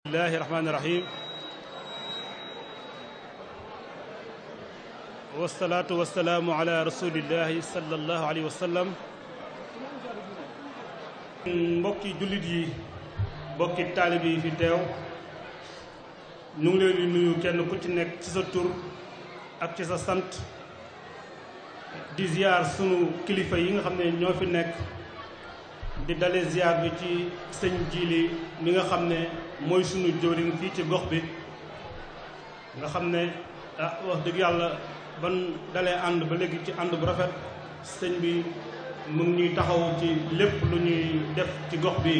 بسم الله الرحمن الرحيم والصلاة والسلام على رسول الله صلى الله عليه وسلم بكي جلدي بكي طالبي في تيو نولي نيو كين كوتي نيك سي سوتور اك سي سانت دي زيار سونو كليفه ييغا خامني ньо في نيك دي دالي زيار بي تي سيغ جيلي ميغا خامني mooy sunu jëwriñ fii ci gox bi nga xam ne ah wax dëgg yàlla ban dalee ànd ba léegi ci ànd bu rafet sëñ bi mu ngi ñuy taxaw ci lépp lu ñuy def ci gox bi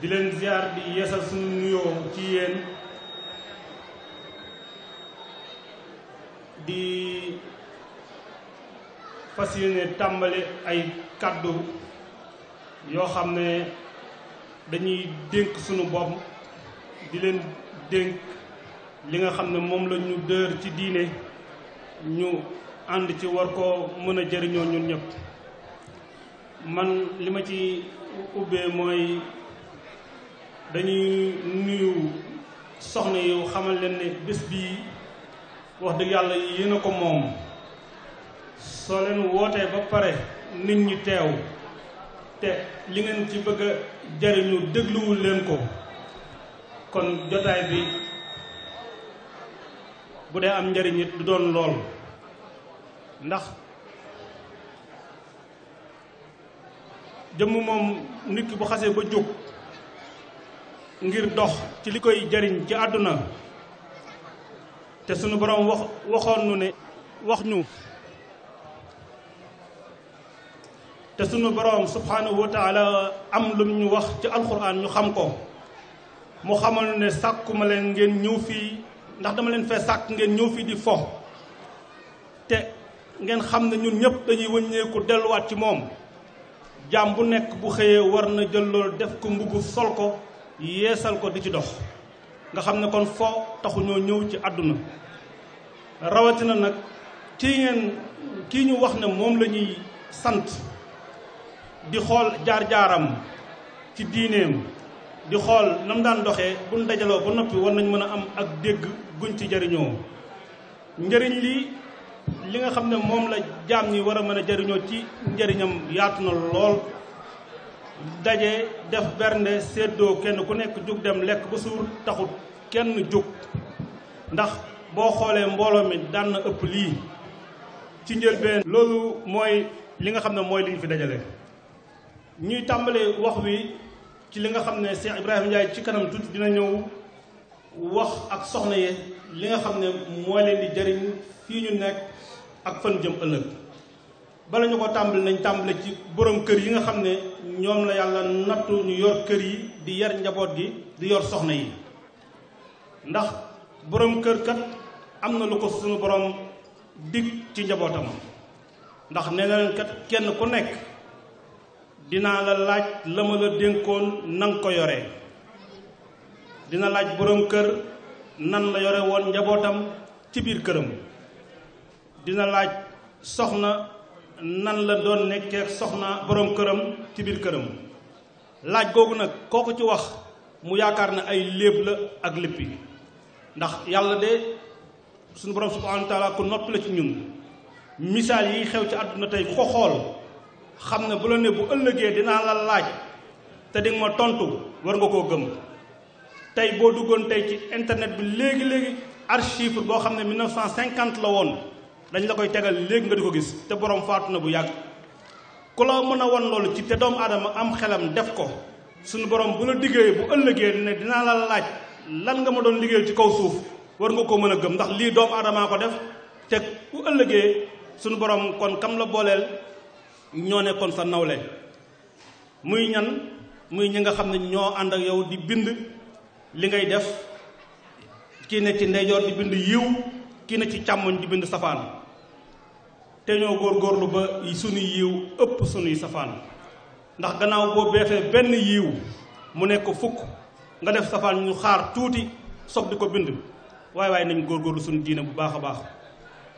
di leen ziar di yeesal suñu nuyoo ci yéen di fas yéene tàmbali ay kàddu yoo xam ne dañuy dénk sunu bopp di leen dénk li nga xam ne moom la ñu dër ci diine ñu ànd ci war koo mën a jëriñoo ñun ñëpp man li ma ci ubbee mooy dañuy nuyu soxna yow xamal leen ne bés bi wax dëgg yàlla yéen a ko moom soo leen wootee ba pare nit ñi teew te li ngeen ci bëgg jariñu dégluwul leen ko kon jotaay bi bu dee am njariñ it du doon lool ndax jëmm moom nit bu xasee ba jóg ngir dox ci li koy jariñ ci àdduna te sunu borom wax waxoon nu ne wax ñu te suñu borom subhanahu wa taala am lu ñu wax ci alxuraan ñu xam ko mu xamal ne sàkkuma leen ngeen ñëw fii ndax dama leen fee sàkk ngeen ñëw fii di fo te ngeen xam ne ñun ñëpp dañuy wëññeeku delluwaat ci moom jaam bu nekk bu xëyee war na jël loolu def ko mbubb sol ko yeesal ko di ci dox nga xam ne kon fo taxu ñoo ñëw ci àdduna rawatina nag kii ngeen kii ñu wax ne moom lañuy sant di xool jaar-jaaram ci diineem di xool nam mu daan doxee buñ dajaloo ba noppi war nañ mën a am ak dégg guñ ci jariñoo njëriñ li li nga xam ne moom la jaam yi war a mën a jariñoo ci njëriñam yaatu na lool daje def bernde séddoo kenn ku nekk jug dem lekk ba suur taxut kenn jug ndax boo xoolee mbooloo mi daan na ëpp lii ci njëlbeen loolu mooy li nga xam ne mooy liñ fi dajale ñuy tàmbalee wax wi ci li nga xam ne Cheikh Ibrahima Ndiaye ci kanam tuuti dina ñëw wax ak soxna ye li nga xam ne moo leen di jariñ fii ñu nekk ak fan jëm ëllëg bala ñu ko tàmbali nañ tàmbale ci borom kër yi nga xam ne ñoom la yàlla nattu ñu yor kër yi di yar njaboot gi di yor soxna yi ndax borom kër kat am na lu ko suñu borom dig ci njabootam ndax nee na leen kat kenn ku nekk dinaa la laaj la ma la dénkoon nanga ko yore dina laaj boroom kër nan la yore woon njabootam ci biir këram dina laaj soxna nan la doon nekkee soxna boroom këram ci biir këram laaj googu nag kooku ci wax mu yaakaar ne ay léeb la ak léppi ndax yàlla de suñu borom subhanahu ku noppi la ci ñun misaal yi xew ci àdduna tey ko xool xam ne bu la ne bu ëllëgee dinaa la laaj te di ma tontu war nga koo gëm tey boo duggoon tey ci internet bi léegi léegi archive boo xam ne 1950 la woon dañ la koy tegal léegi nga di ko gis te borom faatu na bu yàgg ku la mën a wan loolu ci te doomu aadama am xelam def ko suñu borom bu la diggéey bu ëllëgee ne dinaa la laaj lan nga ma doon liggéeyal ci kaw suuf war nga koo mën a gëm ndax lii doomu aadamaa ko def te bu ëllëgee suñu borom kon kam la booleel ñoo nekkoon sa nawle muy ñan muy ñi nga xam ne ñoo ànd ak yow di bind li ngay def kii ne ci ndeyjoor di bind yiw kii ne ci càmmoñ di bind safaan te ñoo góorgóorlu ba sunu yiw ëpp sunuy safaan ndax gannaaw boo beefee benn yiw mu nekk fukk nga def safaan ñu xaar tuuti soog di ko bind waaye waaye nañ góorgóorlu suñu diine bu baax a baax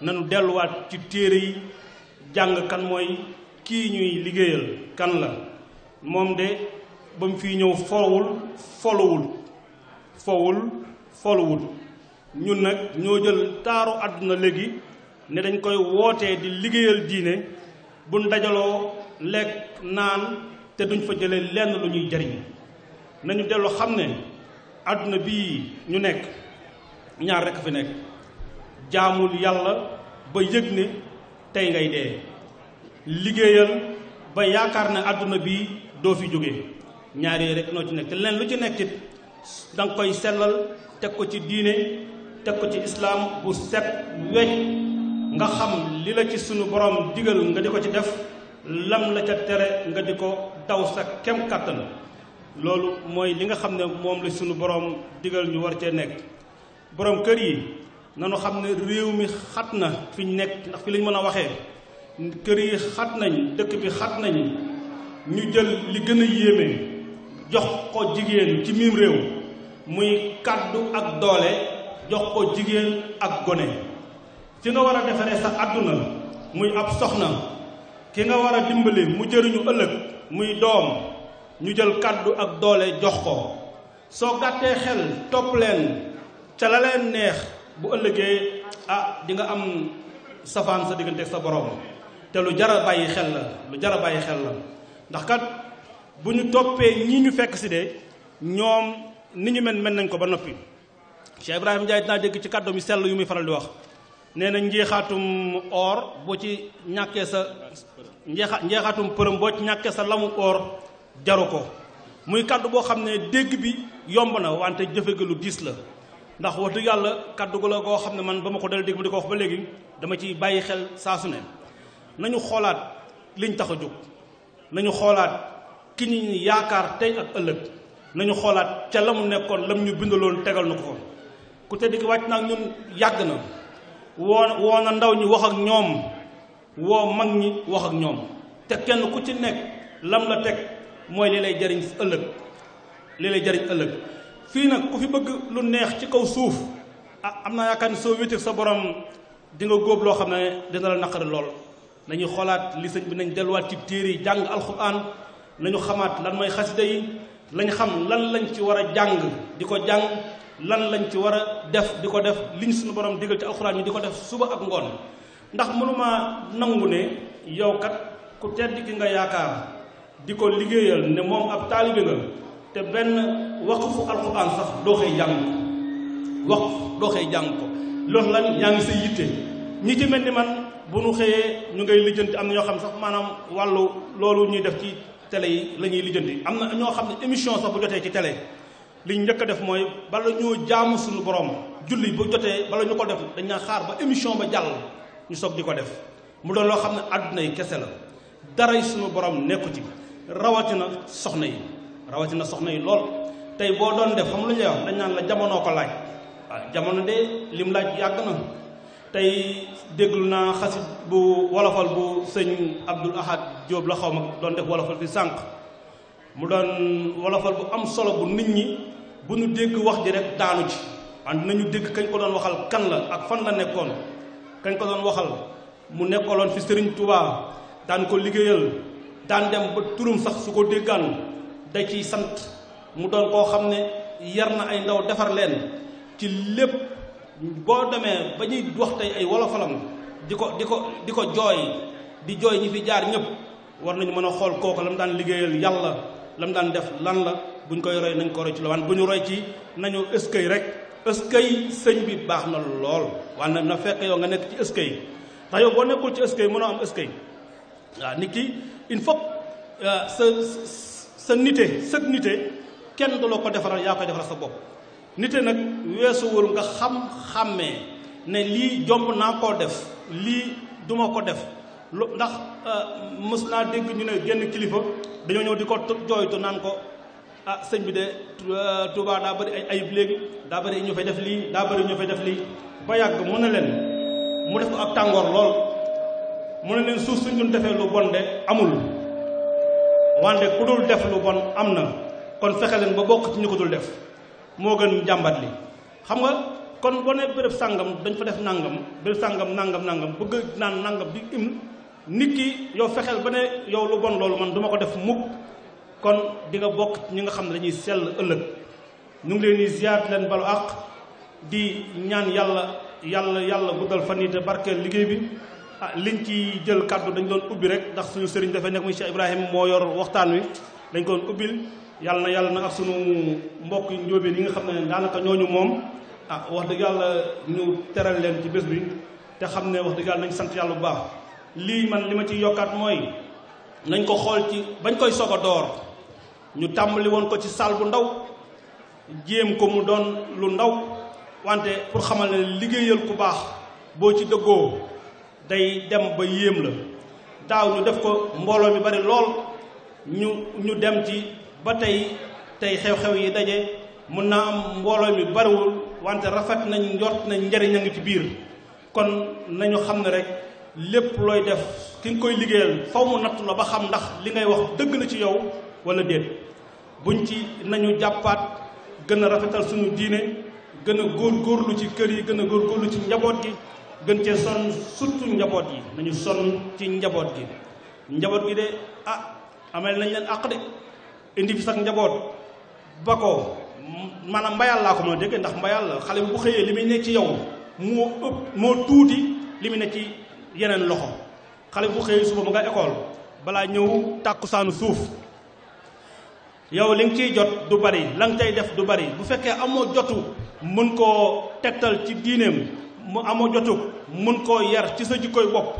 nanu delluwaat ci téere yi jàng kan mooy kii ñuy liggéeyal kan la moom de ba mu fiy ñëw fowul folowul fowul folowul ñun nag ñoo jël taaru àdduna léegi ne dañ koy wootee di liggéeyal diine buñ dajaloo lekk naan te duñ fa jële lenn lu ñuy jariñ nañu dellu xam ne àdduna bii ñu nekk ñaar rekk fi nekk jaamul yàlla ba yëg ne tey ngay dee liggéeyal ba yaakaar ne àdduna bi doo fi jógee ñaar yooyu rek noo ci nekk te leen lu ci nekk it da nga koy sellal teg ko ci diine teg ko ci islaam bu set wecc nga xam li la ci sunu borom digal nga di ko ci def lam la ca tere nga di ko daw sa kem kàttan loolu mooy li nga xam ne moom la sunu borom digal ñu war cee nekk borom kër yi nanu xam ne réew mi xat na fi ñu nekk ndax fi lañ mën a waxee kër yi xat nañ dëkk bi xat nañu ñu jël li gën a yéeme jox ko jigéen ci miim réew muy kàddu ak doole jox ko jigéen ak gone ci nga war a defaree sa àdduna muy ab soxna ki nga war a dimbali mu jëriñu ëllëg muy doom ñu jël kàddu ak doole jox ko soo gàttee xel topp leen ca la leen neex bu ëllëgee a ah, di nga am safaan sa diggante sa borom te lu jara bayyi xel la lu jara bayyi xel la ndax kat buñu topé ñi ñu fekk si dé ñom ni ñu mel mel nañ ko ba nopi cheikh ibrahim jaay dégg ci kaddo mi sel yu muy faral di wax na or bo ci ñaké sa njeexa njeexaatum përëm ci ñaké sa lamu or jaru ko muy boh hamne xamné dégg bi yomb na wante jëfé gelu dis la ndax wax du yalla kaddu go la man bama ko dal dégg bu diko wax ba dama ci bayyi xel sa su nañu xolaat liñ taxa jóg nañu xolaat ki ñu yaakaar tey ak ëllëg nañu xolaat ca lamu nekkoon lam ñu bindaloon tegal nu ko ku tedd ki wàcc naag ñun yàgg na woo woo na ndaw ñi wax ak ñoom woo mag ñi wax ak ñoom te kenn ku ci nekk lam la teg mooy li lay jariñ ëllëg li lay jariñ ëllëg fii nag ku fi bëgg lu neex ci kaw suuf ah, am naa yaakaar ni soo wéeteeg sa borom di nga góob loo xam ne dina la naqari lool nañu xolaat li señ bi nañ delwaat ci téré jang alquran nañu xamaat lan moy khasida yi lañ xam lan lañ ci wara jang diko jang lan lañ ci wara def diko def liñ suñu borom digal ci alquran ñu diko def suba ak ngon? ndax mënuma nangu ne yow kat ku tedd ki nga yaakaar diko ko liggéeyal ne moom ab talib nga te benn waqfu alquran sax do xey jang ko waqf doo jang ko loolu lan yaa sa yitte ñi ci melni man bu nu xëyee ñu ngay lijjanti am na ñoo xam ne sax maanaam wàllu loolu ñuy def ci télé yi la ñuy lijjanti am na ñoo xam ne émission sax bu jotee ci télé li ñu njëkk a def mooy bala ñoo jaamu suñu borom julli bu jotee bala ñu ko def dañ naa xaar ba émission ba jàll ñu soog di ko def mu doon loo xam ne àdduna yi kese la daray suñu borom nekku ci rawatina soxna yi rawatina soxna yi lool tey boo doon def xam lu ñuy wax dañ naan la jamonoo ko laaj waaw ah jamono de lim laaj yàgg na tey déglu naa xasit bu wolofal bu sëñ Abdul Ahad Jóob la xaw ma doon def wolofal fi sànq mu doon wolofal bu am solo bu nit ñi bu ñu dégg wax ji rek daanu ci and nañu dégg kañ ko doon waxal kan la ak fan la nekkoon kañ ko doon waxal mu nekkoloon fi sëriñ Touba daan ko liggéeyal daan dem ba turum sax su ko déggaan da ciy sant mu doon koo xam ne yar na ay ndaw defar leen ci lépp boo demee ba ñuy wax tey ay wolofalam di ko di ko di ko jooy di jooy ñi fi jaar ñëpp war nañu mën a xool kooku la mu daan liggéeyal yàlla la mu daan def lan la bu buñ koy roy nañ ko roy ci la waan bu ñu roy ci nañu ëskay rek ëskay sëñ bi baax na lool waaye na fekk yow nga nekk ci ëskay ndax yow boo nekkul ci ëskay noo am ëskay waaw nit ki il faut euh, sa sa nite sa nite kenn du la ko defaral yaa koy defaral sa bopp nite nag weesuwul nga xam-xàmmee ne lii jomb naa koo def lii duma ko def lu ndax euh, mës naa dégg ñu ne génn kilifa dañoo ñëw di ko jooytu naan ko ah sëñ bi de euh, Touba daa bëri ay ayib léegi daa bari ñu fay def lii daa bari ñu fay def lii ba yàgg mu ne leen mu def ko ak tàngoor lool mu ne leen suuf suñ doon defee lu bon de amul wante ku dul def lu bon am na kon fexe leen ba bokk ci ñu ko dul def moo gën jàmbat li xam nga kon boo ne sàngam dañ fa def nangam béréb sàngam nangam nangam bëgg naan nangam bi im nit ki yow fexeel ba ne yow lu bon loolu man duma ko def mukk kon di nga bokk ñi nga xam ne dañuy sell ëllëg ñu ngi leen di ziar leen balu àq di ñaan yàlla yàlla yàlla guddal fan yii te barkeel liggéey bi ah liñ ci jël kàddu dañ doon ubbi rek ndax suñu sëriñ dafay nekk muy Cheikh Ibrahima moo yor waxtaan wi dañ ko doon ubbil yàlla na yàlla na ak sunu mbokk njóobeen li nga xam ne daanaka ñooñu moom ah wax dëgg yàlla ñu teral leen ci bés bi te xam ne wax dëgg yàlla nañ sant yàlla bu baax lii man li ma ci yokkaat mooy nañ ko xool ci bañ koy soog a door ñu tàmbali woon ko ci saal bu ndaw jéem ko mu doon lu ndaw wante pour xamal ne liggéeyal ku baax boo ci dëggoo day dem ba yéem la daaw ñu def ko mbooloo mi bari lool ñu ñu dem ci ba tey tey xew-xew yi daje mun naa am mbooloo mi bariwul wante rafet nañ njort nañ njariñ a ngi ci biir kon nañu xam ne rek lépp looy def ki nga koy liggéeyal faw mu natt la ba xam ndax li ngay wax dëgg na ci yow wala déet buñ ci nañu jàppaat gën a rafetal suñu diine gën a góor góorgóorlu ci kër yi gën a góor góorlu ci njaboot gi gën cee sonn surtout njaboot yi nañu sonn ci njaboot gi njaboot gi de ah amel nañ leen àq de indi fi sax njaboot ba ko maanaam mbayal laa ko mën a dégg ndax mbayal la xale bu xëyee li muy ne ci yow moo ëpp moo tuuti li muy nekk ci yeneen loxo xale bu xëyee suba nga école balaa ñëw tàkkusaanu suuf yow li nga ciy jot du bari la nga cay def du bari bu fekkee amoo jotu mën koo tegtal ci diineem mu amoo jotu mën koo yar ci sa jikkoy bopp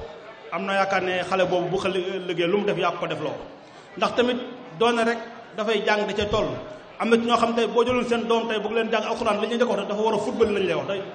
am na yaakaar ne xale boobu bu xëy liggéey lu mu def yàpp ko def loo ndax tamit doone rek dafay jàng da ca tool am na ci ñoo xam tey boo jëloon seen doom tey bëgg leen jàng alxuraan li ñuy njëkk wax dafa war a football lañ lay wax